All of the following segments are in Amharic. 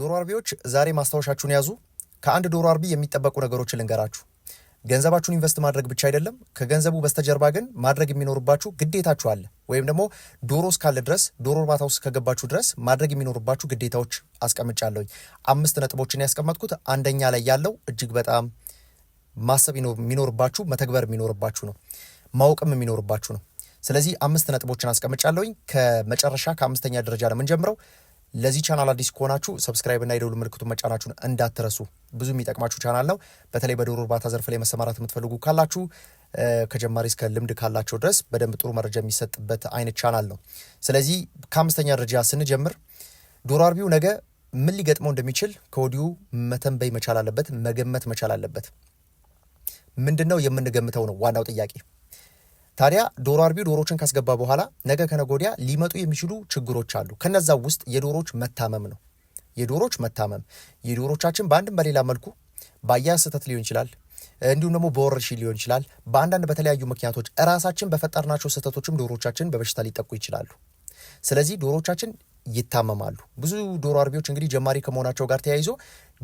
ዶሮ አርቢዎች ዛሬ ማስታወሻችሁን ያዙ። ከአንድ ዶሮ አርቢ የሚጠበቁ ነገሮችን ልንገራችሁ። ገንዘባችሁን ኢንቨስት ማድረግ ብቻ አይደለም። ከገንዘቡ በስተጀርባ ግን ማድረግ የሚኖርባችሁ ግዴታችሁ አለ። ወይም ደግሞ ዶሮ እስካለ ድረስ ዶሮ እርባታ ውስጥ ከገባችሁ ድረስ ማድረግ የሚኖርባችሁ ግዴታዎች አስቀምጫለሁኝ። አምስት ነጥቦችን ያስቀመጥኩት አንደኛ ላይ ያለው እጅግ በጣም ማሰብ የሚኖርባችሁ መተግበር የሚኖርባችሁ ነው፣ ማወቅም የሚኖርባችሁ ነው። ስለዚህ አምስት ነጥቦችን አስቀምጫለሁኝ። ከመጨረሻ ከአምስተኛ ደረጃ ነው የምንጀምረው። ለዚህ ቻናል አዲስ ከሆናችሁ ሰብስክራይብ እና የደውል ምልክቱን መጫናችሁን እንዳትረሱ። ብዙ የሚጠቅማችሁ ቻናል ነው። በተለይ በዶሮ እርባታ ዘርፍ ላይ መሰማራት የምትፈልጉ ካላችሁ ከጀማሪ እስከ ልምድ ካላቸው ድረስ በደንብ ጥሩ መረጃ የሚሰጥበት አይነት ቻናል ነው። ስለዚህ ከአምስተኛ ደረጃ ስንጀምር ዶሮ አርቢው ነገ ምን ሊገጥመው እንደሚችል ከወዲሁ መተንበይ መቻል አለበት፣ መገመት መቻል አለበት። ምንድን ነው የምንገምተው ነው ዋናው ጥያቄ። ታዲያ ዶሮ አርቢው ዶሮዎችን ካስገባ በኋላ ነገ ከነጎዲያ ሊመጡ የሚችሉ ችግሮች አሉ። ከነዛ ውስጥ የዶሮች መታመም ነው። የዶሮች መታመም የዶሮቻችን በአንድም በሌላ መልኩ በአያያዝ ስህተት ሊሆን ይችላል እንዲሁም ደግሞ በወረርሽኝ ሊሆን ይችላል። በአንዳንድ በተለያዩ ምክንያቶች እራሳችን በፈጠርናቸው ስህተቶችም ዶሮቻችን በበሽታ ሊጠቁ ይችላሉ። ስለዚህ ዶሮቻችን ይታመማሉ። ብዙ ዶሮ አርቢዎች እንግዲህ ጀማሪ ከመሆናቸው ጋር ተያይዞ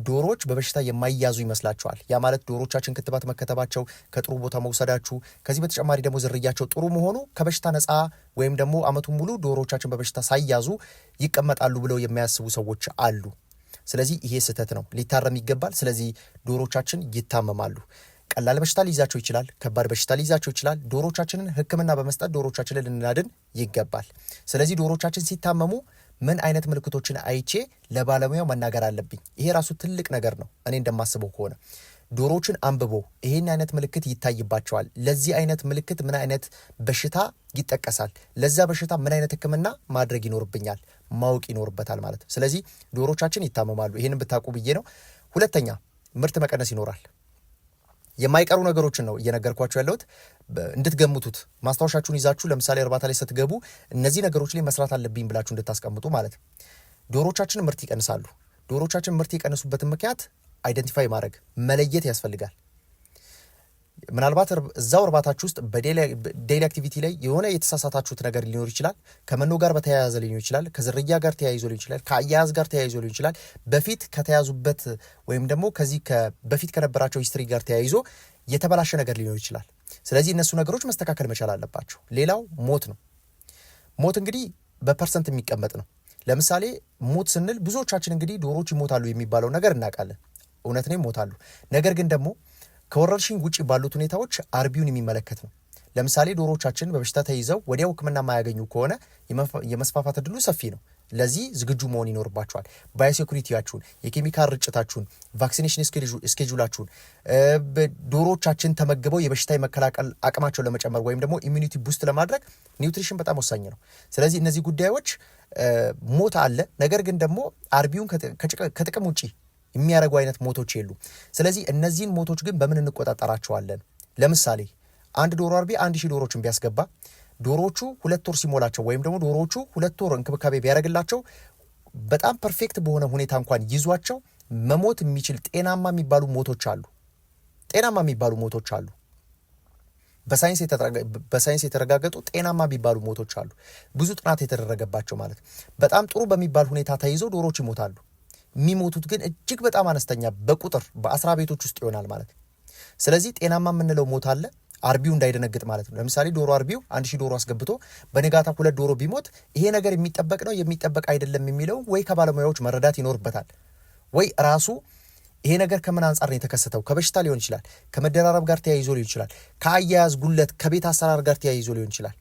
ዶሮዎች በበሽታ የማይያዙ ይመስላቸዋል። ያ ማለት ዶሮቻችን ክትባት መከተባቸው፣ ከጥሩ ቦታ መውሰዳችሁ፣ ከዚህ በተጨማሪ ደግሞ ዝርያቸው ጥሩ መሆኑ ከበሽታ ነፃ ወይም ደግሞ አመቱን ሙሉ ዶሮዎቻችን በበሽታ ሳይያዙ ይቀመጣሉ ብለው የሚያስቡ ሰዎች አሉ። ስለዚህ ይሄ ስህተት ነው፣ ሊታረም ይገባል። ስለዚህ ዶሮቻችን ይታመማሉ። ቀላል በሽታ ሊይዛቸው ይችላል። ከባድ በሽታ ሊይዛቸው ይችላል። ዶሮቻችንን ሕክምና በመስጠት ዶሮቻችንን ልናድን ይገባል። ስለዚህ ዶሮቻችን ሲታመሙ ምን አይነት ምልክቶችን አይቼ ለባለሙያው መናገር አለብኝ? ይሄ ራሱ ትልቅ ነገር ነው። እኔ እንደማስበው ከሆነ ዶሮዎችን አንብቦ ይህን አይነት ምልክት ይታይባቸዋል፣ ለዚህ አይነት ምልክት ምን አይነት በሽታ ይጠቀሳል፣ ለዛ በሽታ ምን አይነት ሕክምና ማድረግ ይኖርብኛል ማወቅ ይኖርበታል ማለት ነው። ስለዚህ ዶሮቻችን ይታመማሉ። ይህንን ብታውቁ ብዬ ነው። ሁለተኛ ምርት መቀነስ ይኖራል። የማይቀሩ ነገሮችን ነው እየነገርኳችሁ ያለሁት። እንድትገምቱት ማስታወሻችሁን ይዛችሁ ለምሳሌ እርባታ ላይ ስትገቡ እነዚህ ነገሮች ላይ መስራት አለብኝ ብላችሁ እንድታስቀምጡ ማለት ዶሮቻችን ምርት ይቀንሳሉ። ዶሮቻችን ምርት የቀነሱበትን ምክንያት አይደንቲፋይ ማድረግ መለየት ያስፈልጋል። ምናልባት እዛው እርባታችሁ ውስጥ በዴይሊ አክቲቪቲ ላይ የሆነ የተሳሳታችሁት ነገር ሊኖር ይችላል። ከመኖ ጋር በተያያዘ ሊኖር ይችላል። ከዝርያ ጋር ተያይዞ ሊሆን ይችላል። ከአያያዝ ጋር ተያይዞ ሊሆን ይችላል። በፊት ከተያዙበት ወይም ደግሞ ከዚህ በፊት ከነበራቸው ሂስትሪ ጋር ተያይዞ የተበላሸ ነገር ሊኖር ይችላል። ስለዚህ እነሱ ነገሮች መስተካከል መቻል አለባቸው። ሌላው ሞት ነው። ሞት እንግዲህ በፐርሰንት የሚቀመጥ ነው። ለምሳሌ ሞት ስንል ብዙዎቻችን እንግዲህ ዶሮች ይሞታሉ የሚባለው ነገር እናውቃለን። እውነት ነው ይሞታሉ። ነገር ግን ደግሞ ከወረርሽኝ ውጭ ባሉት ሁኔታዎች አርቢውን የሚመለከት ነው። ለምሳሌ ዶሮቻችን በበሽታ ተይዘው ወዲያው ሕክምና የማያገኙ ከሆነ የመስፋፋት እድሉ ሰፊ ነው። ለዚህ ዝግጁ መሆን ይኖርባቸዋል። ባዮሴኩሪቲያችሁን፣ የኬሚካል ርጭታችሁን፣ ቫክሲኔሽን ስኬጁላችሁን ዶሮቻችን ተመግበው የበሽታ የመከላከል አቅማቸው ለመጨመር ወይም ደግሞ ኢሚኒቲ ቡስት ለማድረግ ኒውትሪሽን በጣም ወሳኝ ነው። ስለዚህ እነዚህ ጉዳዮች ሞት አለ፣ ነገር ግን ደግሞ አርቢውን ከጥቅም ውጪ የሚያደርጉ አይነት ሞቶች የሉ። ስለዚህ እነዚህን ሞቶች ግን በምን እንቆጣጠራቸዋለን? ለምሳሌ አንድ ዶሮ አርቢ አንድ ሺህ ዶሮችን ቢያስገባ ዶሮዎቹ ሁለት ወር ሲሞላቸው ወይም ደግሞ ዶሮዎቹ ሁለት ወር እንክብካቤ ቢያደርግላቸው በጣም ፐርፌክት በሆነ ሁኔታ እንኳን ይዟቸው መሞት የሚችል ጤናማ የሚባሉ ሞቶች አሉ። ጤናማ የሚባሉ ሞቶች አሉ። በሳይንስ የተረጋገጡ ጤናማ የሚባሉ ሞቶች አሉ። ብዙ ጥናት የተደረገባቸው ማለት በጣም ጥሩ በሚባል ሁኔታ ተይዘው ዶሮች ይሞታሉ። የሚሞቱት ግን እጅግ በጣም አነስተኛ በቁጥር በአስራ ቤቶች ውስጥ ይሆናል ማለት ነው። ስለዚህ ጤናማ የምንለው ሞት አለ አርቢው እንዳይደነግጥ ማለት ነው። ለምሳሌ ዶሮ አርቢው አንድ ሺህ ዶሮ አስገብቶ በንጋታ ሁለት ዶሮ ቢሞት ይሄ ነገር የሚጠበቅ ነው የሚጠበቅ አይደለም የሚለው ወይ ከባለሙያዎች መረዳት ይኖርበታል ወይ ራሱ ይሄ ነገር ከምን አንጻር ነው የተከሰተው? ከበሽታ ሊሆን ይችላል፣ ከመደራረብ ጋር ተያይዞ ሊሆን ይችላል፣ ከአያያዝ ጉለት፣ ከቤት አሰራር ጋር ተያይዞ ሊሆን ይችላል፣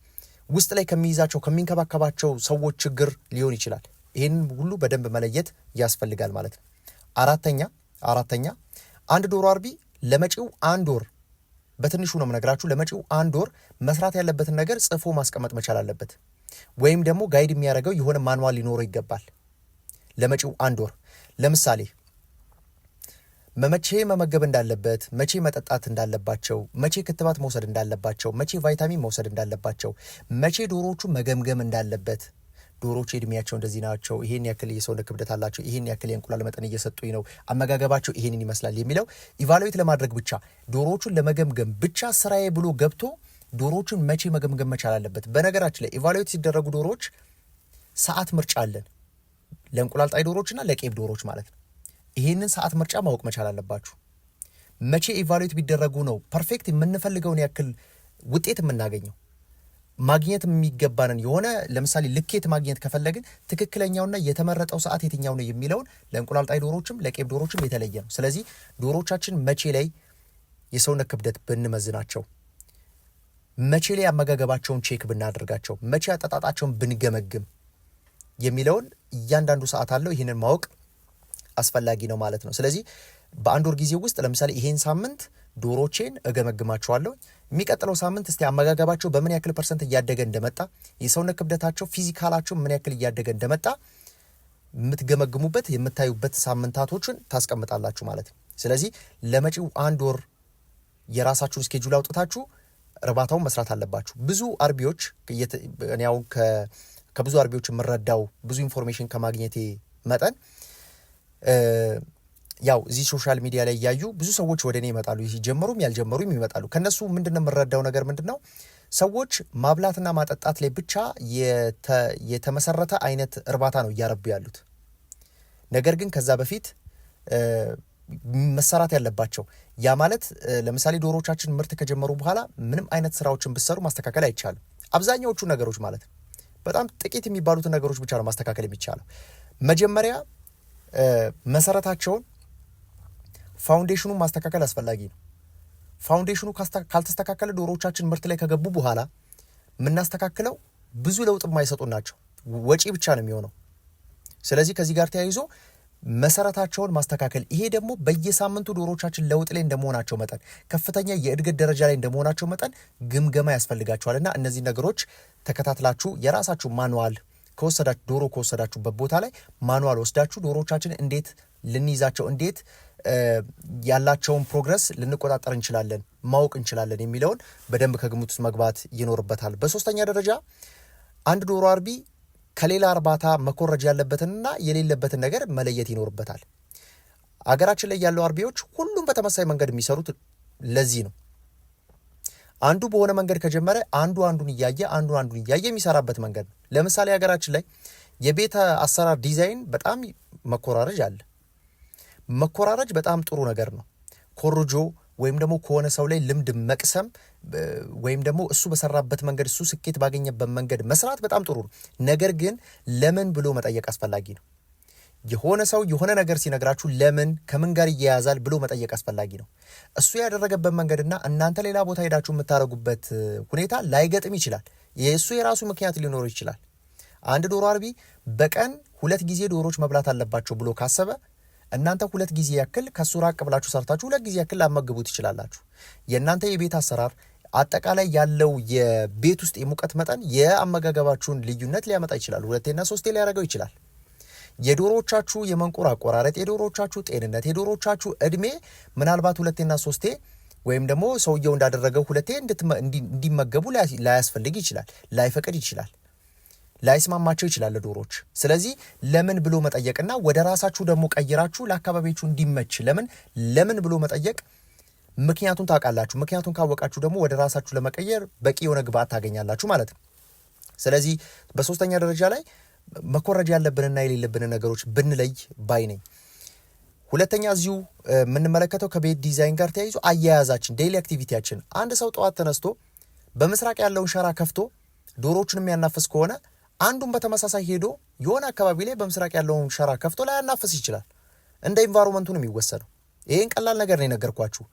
ውስጥ ላይ ከሚይዛቸው ከሚንከባከባቸው ሰዎች ችግር ሊሆን ይችላል። ይህንን ሁሉ በደንብ መለየት ያስፈልጋል ማለት ነው። አራተኛ አራተኛ አንድ ዶሮ አርቢ ለመጪው አንድ ወር በትንሹ ነው የምነግራችሁ። ለመጪው አንድ ወር መስራት ያለበትን ነገር ጽፎ ማስቀመጥ መቻል አለበት። ወይም ደግሞ ጋይድ የሚያደርገው የሆነ ማንዋል ሊኖረው ይገባል። ለመጪው አንድ ወር ለምሳሌ መቼ መመገብ እንዳለበት፣ መቼ መጠጣት እንዳለባቸው፣ መቼ ክትባት መውሰድ እንዳለባቸው፣ መቼ ቫይታሚን መውሰድ እንዳለባቸው፣ መቼ ዶሮዎቹ መገምገም እንዳለበት ዶሮዎች እድሜያቸው እንደዚህ ናቸው፣ ይሄን ያክል የሰውነት ክብደት አላቸው፣ ይሄን ያክል የእንቁላል መጠን እየሰጡኝ ነው፣ አመጋገባቸው ይሄንን ይመስላል የሚለው ኢቫሉዌት ለማድረግ ብቻ ዶሮዎቹን ለመገምገም ብቻ ስራዬ ብሎ ገብቶ ዶሮዎቹን መቼ መገምገም መቻል አለበት። በነገራችን ላይ ኢቫሉዌት ሲደረጉ ዶሮዎች ሰዓት ምርጫ አለን፣ ለእንቁላል ጣይ ዶሮዎችና ለቄብ ዶሮዎች ማለት ነው። ይህንን ሰዓት ምርጫ ማወቅ መቻል አለባችሁ። መቼ ኢቫሉዌት ቢደረጉ ነው ፐርፌክት የምንፈልገውን ያክል ውጤት የምናገኘው? ማግኘት የሚገባንን የሆነ ለምሳሌ ልኬት ማግኘት ከፈለግን ትክክለኛውና የተመረጠው ሰዓት የትኛው ነው የሚለውን ለእንቁላልጣይ ዶሮችም ለቄብ ዶሮዎችም የተለየ ነው። ስለዚህ ዶሮዎቻችን መቼ ላይ የሰውነት ክብደት ብንመዝናቸው፣ መቼ ላይ አመጋገባቸውን ቼክ ብናደርጋቸው፣ መቼ አጠጣጣቸውን ብንገመግም የሚለውን እያንዳንዱ ሰዓት አለው። ይህንን ማወቅ አስፈላጊ ነው ማለት ነው። ስለዚህ በአንድ ወር ጊዜ ውስጥ ለምሳሌ ይሄን ሳምንት ዶሮቼን እገመግማቸዋለሁ። የሚቀጥለው ሳምንት እስቲ አመጋገባቸው በምን ያክል ፐርሰንት እያደገ እንደመጣ፣ የሰውነት ክብደታቸው፣ ፊዚካላቸው ምን ያክል እያደገ እንደመጣ የምትገመግሙበት የምታዩበት ሳምንታቶችን ታስቀምጣላችሁ ማለት ነው። ስለዚህ ለመጪው አንድ ወር የራሳችሁን ስኬጁል አውጥታችሁ እርባታውን መስራት አለባችሁ። ብዙ አርቢዎች ያው ከብዙ አርቢዎች የምረዳው ብዙ ኢንፎርሜሽን ከማግኘቴ መጠን ያው እዚህ ሶሻል ሚዲያ ላይ እያዩ ብዙ ሰዎች ወደ እኔ ይመጣሉ። ጀመሩም ያልጀመሩም ይመጣሉ። ከነሱ ምንድን ነው የምረዳው ነገር ምንድን ነው ሰዎች ማብላትና ማጠጣት ላይ ብቻ የተመሰረተ አይነት እርባታ ነው እያረቡ ያሉት። ነገር ግን ከዛ በፊት መሰራት ያለባቸው ያ ማለት ለምሳሌ ዶሮቻችን ምርት ከጀመሩ በኋላ ምንም አይነት ስራዎችን ብሰሩ ማስተካከል አይቻልም። አብዛኛዎቹ ነገሮች ማለት በጣም ጥቂት የሚባሉትን ነገሮች ብቻ ነው ማስተካከል የሚቻለው። መጀመሪያ መሰረታቸውን ፋውንዴሽኑ ማስተካከል አስፈላጊ ነው። ፋውንዴሽኑ ካልተስተካከለ ዶሮዎቻችን ምርት ላይ ከገቡ በኋላ የምናስተካክለው ብዙ ለውጥ የማይሰጡ ናቸው፣ ወጪ ብቻ ነው የሚሆነው። ስለዚህ ከዚህ ጋር ተያይዞ መሰረታቸውን ማስተካከል፣ ይሄ ደግሞ በየሳምንቱ ዶሮቻችን ለውጥ ላይ እንደመሆናቸው መጠን ከፍተኛ የእድገት ደረጃ ላይ እንደመሆናቸው መጠን ግምገማ ያስፈልጋቸዋል እና እነዚህ ነገሮች ተከታትላችሁ የራሳችሁ ማኑዋል ከወሰዳችሁ ዶሮ ከወሰዳችሁበት ቦታ ላይ ማኑዋል ወስዳችሁ ዶሮቻችን እንዴት ልንይዛቸው እንዴት ያላቸውን ፕሮግረስ ልንቆጣጠር እንችላለን፣ ማወቅ እንችላለን የሚለውን በደንብ ከግምት ውስጥ መግባት ይኖርበታል። በሶስተኛ ደረጃ አንድ ዶሮ አርቢ ከሌላ እርባታ መኮረጅ ያለበትንና የሌለበትን ነገር መለየት ይኖርበታል። አገራችን ላይ ያለው አርቢዎች ሁሉም በተመሳሳይ መንገድ የሚሰሩት ለዚህ ነው። አንዱ በሆነ መንገድ ከጀመረ አንዱ አንዱን እያየ አንዱ አንዱን እያየ የሚሰራበት መንገድ ነው። ለምሳሌ ሀገራችን ላይ የቤት አሰራር ዲዛይን በጣም መኮራረጅ አለ። መኮራረጅ በጣም ጥሩ ነገር ነው። ኮርጆ ወይም ደግሞ ከሆነ ሰው ላይ ልምድ መቅሰም ወይም ደግሞ እሱ በሰራበት መንገድ እሱ ስኬት ባገኘበት መንገድ መስራት በጣም ጥሩ ነው። ነገር ግን ለምን ብሎ መጠየቅ አስፈላጊ ነው። የሆነ ሰው የሆነ ነገር ሲነግራችሁ ለምን ከምን ጋር ይያያዛል ብሎ መጠየቅ አስፈላጊ ነው። እሱ ያደረገበት መንገድና እናንተ ሌላ ቦታ ሄዳችሁ የምታደርጉበት ሁኔታ ላይገጥም ይችላል። የእሱ የራሱ ምክንያት ሊኖር ይችላል። አንድ ዶሮ አርቢ በቀን ሁለት ጊዜ ዶሮች መብላት አለባቸው ብሎ ካሰበ እናንተ ሁለት ጊዜ ያክል ከእሱ ራቅ ብላችሁ ሰርታችሁ ሁለት ጊዜ ያክል ላመግቡ ትችላላችሁ። የእናንተ የቤት አሰራር አጠቃላይ ያለው የቤት ውስጥ የሙቀት መጠን የአመጋገባችሁን ልዩነት ሊያመጣ ይችላል። ሁለቴና ሶስቴ ሊያደርገው ይችላል። የዶሮዎቻችሁ የመንቁር አቆራረጥ፣ የዶሮዎቻችሁ ጤንነት፣ የዶሮዎቻችሁ እድሜ ምናልባት ሁለቴና ሶስቴ ወይም ደግሞ ሰውየው እንዳደረገው ሁለቴ እንዲመገቡ ላያስፈልግ ይችላል፣ ላይፈቅድ ይችላል። ላይስማማቸው ይችላል ዶሮች። ስለዚህ ለምን ብሎ መጠየቅና ወደ ራሳችሁ ደግሞ ቀይራችሁ ለአካባቢያችሁ እንዲመች ለምን ለምን ብሎ መጠየቅ ምክንያቱን ታውቃላችሁ። ምክንያቱን ካወቃችሁ ደግሞ ወደ ራሳችሁ ለመቀየር በቂ የሆነ ግብአት ታገኛላችሁ ማለት ነው። ስለዚህ በሶስተኛ ደረጃ ላይ መኮረጃ ያለብንና የሌለብን ነገሮች ብንለይ ባይ ነኝ። ሁለተኛ እዚሁ የምንመለከተው ከቤት ዲዛይን ጋር ተያይዞ አያያዛችን፣ ዴይሊ አክቲቪቲያችን አንድ ሰው ጠዋት ተነስቶ በምስራቅ ያለውን ሸራ ከፍቶ ዶሮዎቹን የሚያናፍስ ከሆነ አንዱም በተመሳሳይ ሄዶ የሆነ አካባቢ ላይ በምስራቅ ያለውን ሸራ ከፍቶ ላይ ያናፍስ ይችላል። እንደ ኢንቫይሮመንቱ ነው የሚወሰነው። ይህን ቀላል ነገር ነው የነገርኳችሁ።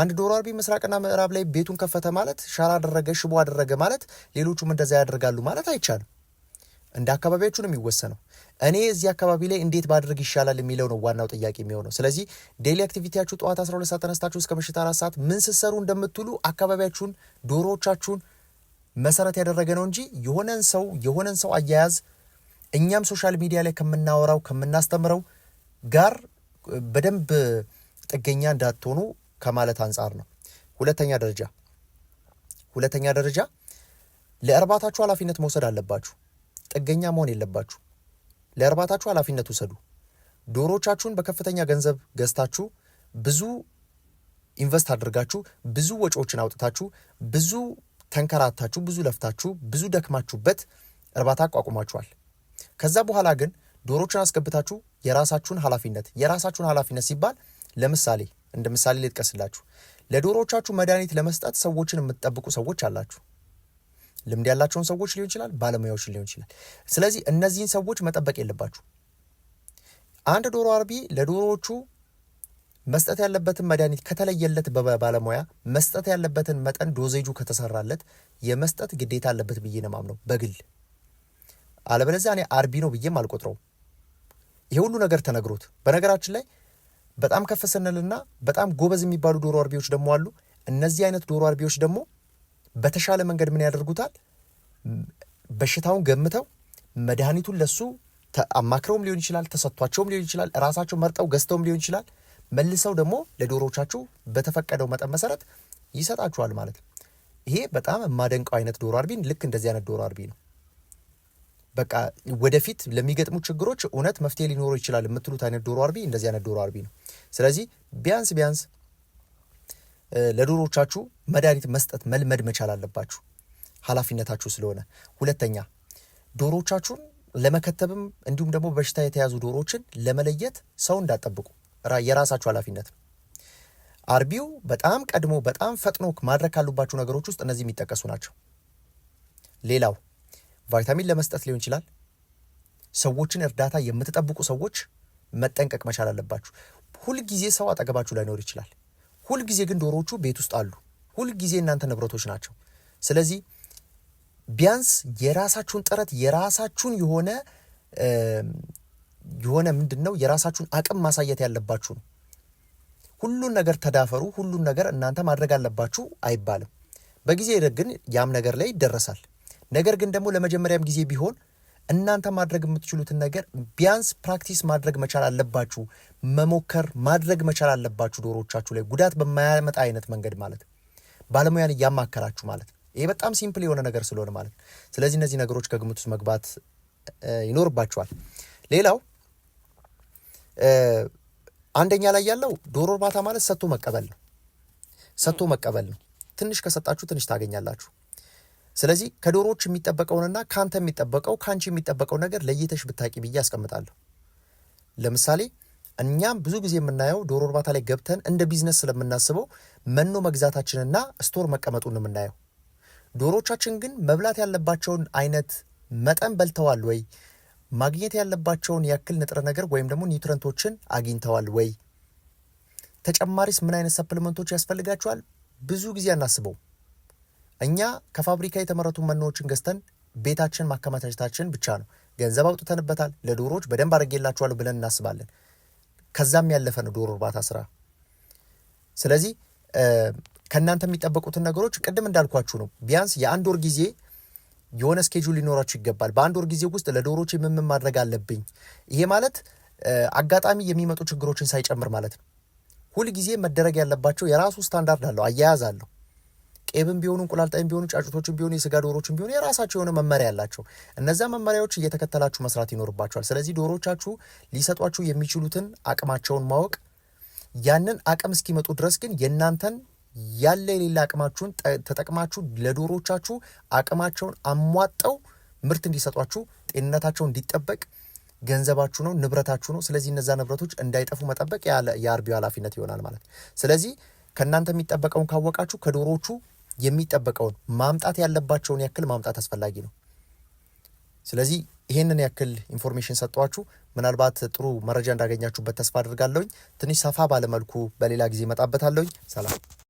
አንድ ዶሮ አርቢ ምስራቅና ምዕራብ ላይ ቤቱን ከፈተ ማለት ሸራ አደረገ፣ ሽቦ አደረገ ማለት ሌሎቹም እንደዛ ያደርጋሉ ማለት አይቻልም። እንደ አካባቢያችሁ ነው የሚወሰነው። እኔ እዚህ አካባቢ ላይ እንዴት ባድርግ ይሻላል የሚለው ነው ዋናው ጥያቄ የሚሆነው። ስለዚህ ዴይሊ አክቲቪቲያችሁ ጠዋት 12 ሰዓት ተነስታችሁ እስከ ምሽት አራት ሰዓት ምን ስትሰሩ እንደምትውሉ አካባቢያችሁን፣ ዶሮዎቻችሁን መሰረት ያደረገ ነው እንጂ የሆነን ሰው የሆነን ሰው አያያዝ እኛም ሶሻል ሚዲያ ላይ ከምናወራው ከምናስተምረው ጋር በደንብ ጥገኛ እንዳትሆኑ ከማለት አንጻር ነው። ሁለተኛ ደረጃ ሁለተኛ ደረጃ ለእርባታችሁ ኃላፊነት መውሰድ አለባችሁ። ጥገኛ መሆን የለባችሁ። ለእርባታችሁ ኃላፊነት ውሰዱ። ዶሮቻችሁን በከፍተኛ ገንዘብ ገዝታችሁ ብዙ ኢንቨስት አድርጋችሁ ብዙ ወጪዎችን አውጥታችሁ ብዙ ተንከራታችሁ፣ ብዙ ለፍታችሁ፣ ብዙ ደክማችሁበት እርባታ አቋቁማችኋል። ከዛ በኋላ ግን ዶሮችን አስገብታችሁ የራሳችሁን ኃላፊነት የራሳችሁን ኃላፊነት ሲባል ለምሳሌ እንደ ምሳሌ ልጥቀስላችሁ። ለዶሮቻችሁ መድኃኒት ለመስጠት ሰዎችን የምትጠብቁ ሰዎች አላችሁ። ልምድ ያላቸውን ሰዎች ሊሆን ይችላል፣ ባለሙያዎችን ሊሆን ይችላል። ስለዚህ እነዚህን ሰዎች መጠበቅ የለባችሁ። አንድ ዶሮ አርቢ ለዶሮዎቹ መስጠት ያለበትን መድኃኒት ከተለየለት በባለሙያ መስጠት ያለበትን መጠን ዶዜጁ ከተሰራለት የመስጠት ግዴታ አለበት ብዬ ነው የማምነው በግል አለበለዚያ እኔ አርቢ ነው ብዬም አልቆጥረውም። ይሄ ሁሉ ነገር ተነግሮት በነገራችን ላይ በጣም ከፍ ስንልና በጣም ጎበዝ የሚባሉ ዶሮ አርቢዎች ደግሞ አሉ። እነዚህ አይነት ዶሮ አርቢዎች ደግሞ በተሻለ መንገድ ምን ያደርጉታል? በሽታውን ገምተው መድኃኒቱን ለሱ አማክረውም ሊሆን ይችላል፣ ተሰጥቷቸውም ሊሆን ይችላል፣ ራሳቸው መርጠው ገዝተውም ሊሆን ይችላል። መልሰው ደግሞ ለዶሮቻችሁ በተፈቀደው መጠን መሰረት ይሰጣችኋል ማለት ነው። ይሄ በጣም የማደንቀው አይነት ዶሮ አርቢን ልክ እንደዚህ አይነት ዶሮ አርቢ ነው። በቃ ወደፊት ለሚገጥሙ ችግሮች እውነት መፍትሄ ሊኖረው ይችላል የምትሉት አይነት ዶሮ አርቢ እንደዚህ አይነት ዶሮ አርቢ ነው። ስለዚህ ቢያንስ ቢያንስ ለዶሮቻችሁ መድኃኒት መስጠት መልመድ መቻል አለባችሁ ኃላፊነታችሁ ስለሆነ። ሁለተኛ ዶሮቻችሁን ለመከተብም እንዲሁም ደግሞ በሽታ የተያዙ ዶሮዎችን ለመለየት ሰው እንዳጠብቁ የራሳችሁ ኃላፊነት ነው። አርቢው በጣም ቀድሞ በጣም ፈጥኖ ማድረግ ካሉባችሁ ነገሮች ውስጥ እነዚህ የሚጠቀሱ ናቸው። ሌላው ቫይታሚን ለመስጠት ሊሆን ይችላል። ሰዎችን እርዳታ የምትጠብቁ ሰዎች መጠንቀቅ መቻል አለባችሁ። ሁልጊዜ ሰው አጠገባችሁ ላይኖር ይችላል። ሁልጊዜ ግን ዶሮዎቹ ቤት ውስጥ አሉ። ሁልጊዜ እናንተ ንብረቶች ናቸው። ስለዚህ ቢያንስ የራሳችሁን ጥረት የራሳችሁን የሆነ የሆነ ምንድን ነው የራሳችሁን አቅም ማሳየት ያለባችሁ ነው። ሁሉን ነገር ተዳፈሩ፣ ሁሉን ነገር እናንተ ማድረግ አለባችሁ አይባልም። በጊዜ ግን ያም ነገር ላይ ይደረሳል። ነገር ግን ደግሞ ለመጀመሪያም ጊዜ ቢሆን እናንተ ማድረግ የምትችሉትን ነገር ቢያንስ ፕራክቲስ ማድረግ መቻል አለባችሁ። መሞከር ማድረግ መቻል አለባችሁ። ዶሮቻችሁ ላይ ጉዳት በማያመጣ አይነት መንገድ ማለት ባለሙያን እያማከራችሁ ማለት ይሄ በጣም ሲምፕል የሆነ ነገር ስለሆነ ማለት ስለዚህ እነዚህ ነገሮች ከግምት ውስጥ መግባት ይኖርባችኋል። ሌላው አንደኛ ላይ ያለው ዶሮ እርባታ ማለት ሰጥቶ መቀበል ነው። ሰጥቶ መቀበል ነው። ትንሽ ከሰጣችሁ ትንሽ ታገኛላችሁ። ስለዚህ ከዶሮዎች የሚጠበቀውንና ከአንተ የሚጠበቀው ከአንቺ የሚጠበቀው ነገር ለይተሽ ብታቂ ብዬ አስቀምጣለሁ። ለምሳሌ እኛም ብዙ ጊዜ የምናየው ዶሮ እርባታ ላይ ገብተን እንደ ቢዝነስ ስለምናስበው መኖ መግዛታችንና ስቶር መቀመጡን የምናየው ዶሮቻችን ግን መብላት ያለባቸውን አይነት መጠን በልተዋል ወይ ማግኘት ያለባቸውን ያክል ንጥረ ነገር ወይም ደግሞ ኒውትረንቶችን አግኝተዋል ወይ? ተጨማሪስ ምን አይነት ሰፕልመንቶች ያስፈልጋቸዋል? ብዙ ጊዜ አናስበው። እኛ ከፋብሪካ የተመረቱ መኖዎችን ገዝተን ቤታችን ማከማቻታችን ብቻ ነው። ገንዘብ አውጥተንበታል፣ ለዶሮዎች በደንብ አድርጌላቸዋለሁ ብለን እናስባለን። ከዛም ያለፈ ነው ዶሮ እርባታ ስራ። ስለዚህ ከእናንተ የሚጠበቁትን ነገሮች ቅድም እንዳልኳችሁ ነው። ቢያንስ የአንድ ወር ጊዜ የሆነ ስኬጁል ሊኖራችሁ ይገባል። በአንድ ወር ጊዜ ውስጥ ለዶሮች የምምን ማድረግ አለብኝ። ይሄ ማለት አጋጣሚ የሚመጡ ችግሮችን ሳይጨምር ማለት ነው። ሁልጊዜ መደረግ ያለባቸው የራሱ ስታንዳርድ አለው፣ አያያዝ አለው። ቄብም ቢሆኑ እንቁላልጣይም ቢሆኑ ጫጩቶችም ቢሆኑ የስጋ ዶሮችም ቢሆኑ የራሳቸው የሆነ መመሪያ ያላቸው እነዚያ መመሪያዎች እየተከተላችሁ መስራት ይኖርባቸዋል። ስለዚህ ዶሮቻችሁ ሊሰጧችሁ የሚችሉትን አቅማቸውን ማወቅ ያንን አቅም እስኪመጡ ድረስ ግን የእናንተን ያለ የሌላ አቅማችሁን ተጠቅማችሁ ለዶሮቻችሁ አቅማቸውን አሟጠው ምርት እንዲሰጧችሁ፣ ጤንነታቸው እንዲጠበቅ ገንዘባችሁ ነው፣ ንብረታችሁ ነው። ስለዚህ እነዛ ንብረቶች እንዳይጠፉ መጠበቅ የአርቢው ኃላፊነት ይሆናል ማለት። ስለዚህ ከእናንተ የሚጠበቀውን ካወቃችሁ ከዶሮቹ የሚጠበቀውን ማምጣት ያለባቸውን ያክል ማምጣት አስፈላጊ ነው። ስለዚህ ይህንን ያክል ኢንፎርሜሽን ሰጠዋችሁ። ምናልባት ጥሩ መረጃ እንዳገኛችሁበት ተስፋ አድርጋለሁኝ። ትንሽ ሰፋ ባለመልኩ በሌላ ጊዜ እመጣበታለሁኝ። ሰላም